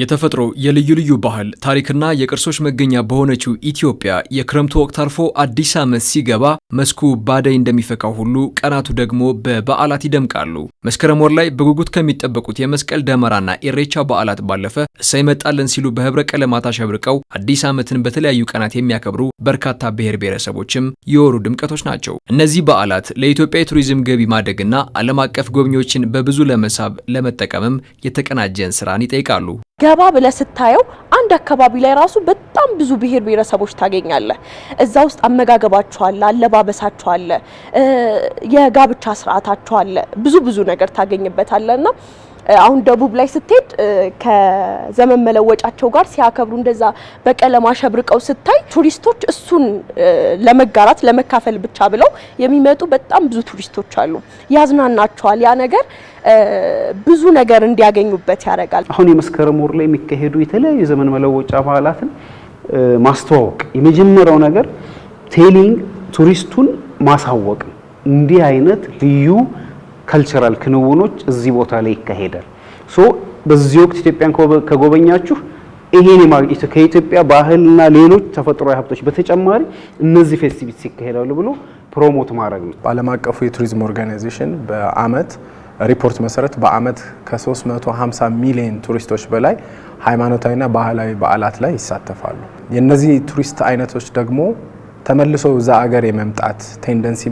የተፈጥሮ የልዩ ልዩ ባህል ታሪክና የቅርሶች መገኛ በሆነችው ኢትዮጵያ የክረምቱ ወቅት አልፎ አዲስ ዓመት ሲገባ መስኩ ባደይ እንደሚፈካው ሁሉ ቀናቱ ደግሞ በበዓላት ይደምቃሉ። መስከረም ወር ላይ በጉጉት ከሚጠበቁት የመስቀል ደመራና ኢሬቻ በዓላት ባለፈ እሰይ መጣለን ሲሉ በህብረ ቀለማት አሸብርቀው አዲስ ዓመትን በተለያዩ ቀናት የሚያከብሩ በርካታ ብሔር ብሔረሰቦችም የወሩ ድምቀቶች ናቸው። እነዚህ በዓላት ለኢትዮጵያ የቱሪዝም ገቢ ማደግና ዓለም አቀፍ ጎብኚዎችን በብዙ ለመሳብ ለመጠቀምም የተቀናጀን ስራን ይጠይቃሉ። ገባ ብለህ ስታየው አንድ አካባቢ ላይ ራሱ በጣም ብዙ ብሄር ብሄረሰቦች ታገኛለህ። እዛ ውስጥ አመጋገባቸው አለ፣ አለባበሳቸው አለ፣ የጋብቻ ስርዓታቸው አለ፣ ብዙ ብዙ ነገር ታገኝበታለህ እና አሁን ደቡብ ላይ ስትሄድ ከዘመን መለወጫቸው ጋር ሲያከብሩ እንደዛ በቀለም አሸብርቀው ስታይ ቱሪስቶች እሱን ለመጋራት ለመካፈል ብቻ ብለው የሚመጡ በጣም ብዙ ቱሪስቶች አሉ። ያዝናናቸዋል። ያ ነገር ብዙ ነገር እንዲያገኙበት ያደርጋል። አሁን የመስከረም ወር ላይ የሚካሄዱ የተለያዩ የዘመን መለወጫ በዓላትን ማስተዋወቅ የመጀመሪያው ነገር ቴሊንግ ቱሪስቱን ማሳወቅ እንዲህ አይነት ልዩ ካልቸራል ክንውኖች እዚህ ቦታ ላይ ይካሄዳል። ሶ በዚህ ወቅት ኢትዮጵያን ከጎበኛችሁ ይሄን ከኢትዮጵያ ባህልና ሌሎች ተፈጥሯዊ ሀብቶች በተጨማሪ እነዚህ ፌስቲቪቲስ ይካሄዳሉ ብሎ ፕሮሞት ማድረግ ነው። በዓለም አቀፉ የቱሪዝም ኦርጋናይዜሽን በአመት ሪፖርት መሰረት በአመት ከ350 ሚሊዮን ቱሪስቶች በላይ ሃይማኖታዊና ባህላዊ በዓላት ላይ ይሳተፋሉ። የእነዚህ ቱሪስት አይነቶች ደግሞ ተመልሶ እዛ አገር የመምጣት ቴንደንሲ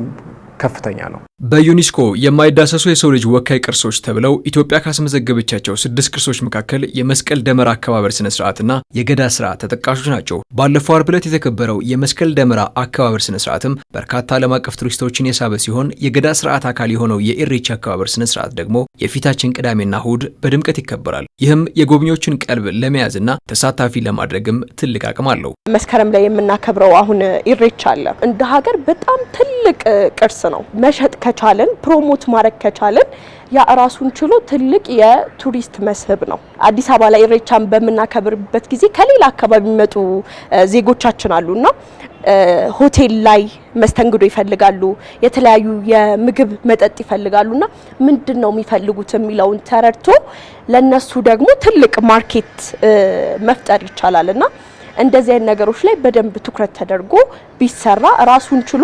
ከፍተኛ ነው። በዩኒስኮ የማይዳሰሱ የሰው ልጅ ወካይ ቅርሶች ተብለው ኢትዮጵያ ካስመዘገበቻቸው ስድስት ቅርሶች መካከል የመስቀል ደመራ አከባበር ስነ ስርዓትና የገዳ ስርዓት ተጠቃሾች ናቸው። ባለፈው አርብ ዕለት የተከበረው የመስቀል ደመራ አከባበር ስነ ስርዓትም በርካታ ዓለም አቀፍ ቱሪስቶችን የሳበ ሲሆን የገዳ ስርዓት አካል የሆነው የኢሬቻ አከባበር ስነ ስርዓት ደግሞ የፊታችን ቅዳሜና እሁድ በድምቀት ይከበራል። ይህም የጎብኚዎችን ቀልብ ለመያዝና ተሳታፊ ለማድረግም ትልቅ አቅም አለው። መስከረም ላይ የምናከብረው አሁን ኢሬቻ አለ እንደ ሀገር በጣም ትልቅ ቅርስ ነው። መሸጥ ከቻልን ፕሮሞት ማድረግ ከቻልን ያ ራሱን ችሎ ትልቅ የቱሪስት መስህብ ነው። አዲስ አበባ ላይ ኢሬቻን በምናከብርበት ጊዜ ከሌላ አካባቢ የሚመጡ ዜጎቻችን አሉና ሆቴል ላይ መስተንግዶ ይፈልጋሉ፣ የተለያዩ የምግብ መጠጥ ይፈልጋሉና ምንድን ነው የሚፈልጉት የሚለውን ተረድቶ ለነሱ ደግሞ ትልቅ ማርኬት መፍጠር ይቻላልና እንደዚህ አይነት ነገሮች ላይ በደንብ ትኩረት ተደርጎ ቢሰራ ራሱን ችሎ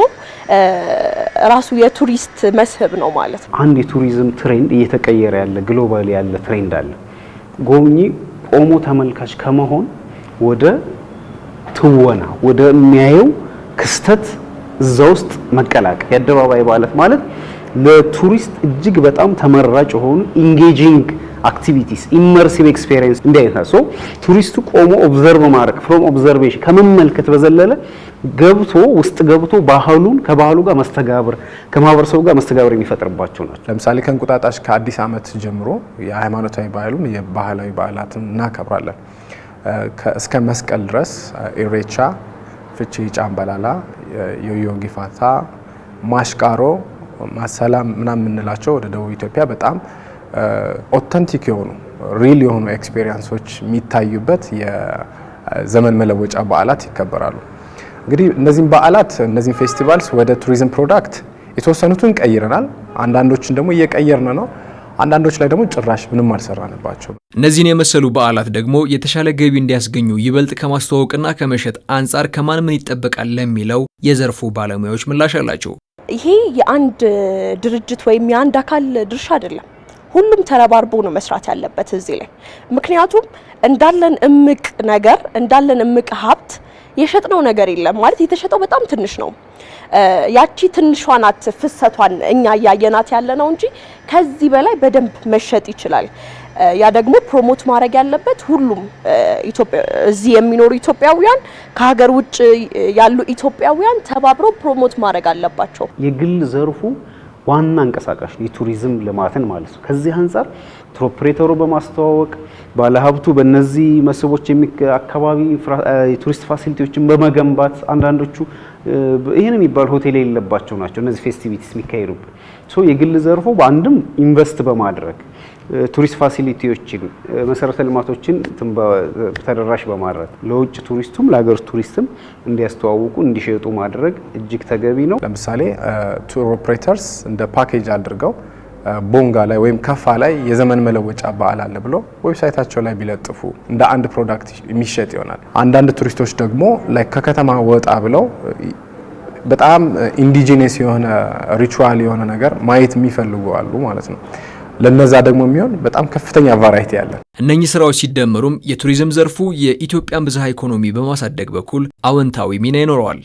ራሱ የቱሪስት መስህብ ነው ማለት ነው። አንድ የቱሪዝም ትሬንድ እየተቀየረ ያለ ግሎባል ያለ ትሬንድ አለ። ጎብኚ ቆሞ ተመልካች ከመሆን ወደ ትወና ወደሚያየው ክስተት እዛ ውስጥ መቀላቀል የአደባባይ ማለት ማለት ለቱሪስት እጅግ በጣም ተመራጭ የሆኑ ኢንጌጂንግ አክቲቪቲስ ኢመርሲቭ ኤክስፔሪየንስ እንዲህ ሶ ቱሪስቱ ቆሞ ኦብዘርቭ ማድረግ ፍሮም ኦብዘርቬሽን ከመመልከት በዘለለ ገብቶ ውስጥ ገብቶ ባህሉን ከባህሉ ጋር መስተጋብር ከማህበረሰቡ ጋር መስተጋብር የሚፈጥርባቸው ናቸው። ለምሳሌ ከእንቁጣጣሽ ከአዲስ ዓመት ጀምሮ የሃይማኖታዊ በዓሉም የባህላዊ በዓላትን እናከብራለን። እስከ መስቀል ድረስ ኢሬቻ፣ ፍቼ፣ ጫምበላላ፣ ዮዮ ጊፋታ፣ ማሽቃሮ፣ ማሰላም ምናምን የምንላቸው ወደ ደቡብ ኢትዮጵያ በጣም ኦተንቲክ የሆኑ ሪል የሆኑ ኤክስፔሪንሶች የሚታዩበት የዘመን መለወጫ በዓላት ይከበራሉ። እንግዲህ እነዚህም በዓላት እነዚህም ፌስቲቫልስ ወደ ቱሪዝም ፕሮዳክት የተወሰኑትን ቀይረናል። አንዳንዶችን ደግሞ እየቀየርን ነው። አንዳንዶች ላይ ደግሞ ጭራሽ ምንም አልሰራንባቸው። እነዚህን የመሰሉ በዓላት ደግሞ የተሻለ ገቢ እንዲያስገኙ ይበልጥ ከማስተዋወቅና ከመሸጥ አንጻር ከማን ምን ይጠበቃል ለሚለው የዘርፉ ባለሙያዎች ምላሽ አላቸው። ይሄ የአንድ ድርጅት ወይም የአንድ አካል ድርሻ አይደለም። ሁሉም ተረባርቦ ነው መስራት ያለበት እዚህ ላይ። ምክንያቱም እንዳለን እምቅ ነገር እንዳለን እምቅ ሀብት የሸጥነው ነገር የለም ማለት የተሸጠው በጣም ትንሽ ነው። ያቺ ትንሿ ናት ፍሰቷን እኛ እያየናት ያለ ነው እንጂ ከዚህ በላይ በደንብ መሸጥ ይችላል። ያ ደግሞ ፕሮሞት ማድረግ ያለበት ሁሉም እዚህ የሚኖሩ ኢትዮጵያውያን፣ ከሀገር ውጭ ያሉ ኢትዮጵያውያን ተባብረው ፕሮሞት ማድረግ አለባቸው። የግል ዘርፉ ዋና እንቀሳቃሽ ነው የቱሪዝም ልማትን ማለት ነው። ከዚህ አንጻር ትሮፕሬተሩ በማስተዋወቅ ባለሀብቱ በእነዚህ መስህቦች አካባቢ የቱሪስት ፋሲሊቲዎችን በመገንባት አንዳንዶቹ ይህን የሚባል ሆቴል የሌለባቸው ናቸው እነዚህ ፌስቲቪቲስ የሚካሄዱበት የግል ዘርፎ በአንድም ኢንቨስት በማድረግ ቱሪስት ፋሲሊቲዎችን መሰረተ ልማቶችን ተደራሽ በማድረግ ለውጭ ቱሪስቱም ለሀገር ውስጥ ቱሪስትም እንዲያስተዋውቁ እንዲሸጡ ማድረግ እጅግ ተገቢ ነው። ለምሳሌ ቱር ኦፕሬተርስ እንደ ፓኬጅ አድርገው ቦንጋ ላይ ወይም ከፋ ላይ የዘመን መለወጫ በዓል አለ ብሎ ዌብሳይታቸው ላይ ቢለጥፉ እንደ አንድ ፕሮዳክት የሚሸጥ ይሆናል። አንዳንድ ቱሪስቶች ደግሞ ላይ ከከተማ ወጣ ብለው በጣም ኢንዲጂነስ የሆነ ሪቹዋል የሆነ ነገር ማየት የሚፈልጉ አሉ ማለት ነው። ለነዛ ደግሞ የሚሆን በጣም ከፍተኛ ቫራይቲ ያለን። እነኚህ ስራዎች ሲደመሩም የቱሪዝም ዘርፉ የኢትዮጵያን ብዝሃ ኢኮኖሚ በማሳደግ በኩል አወንታዊ ሚና ይኖረዋል።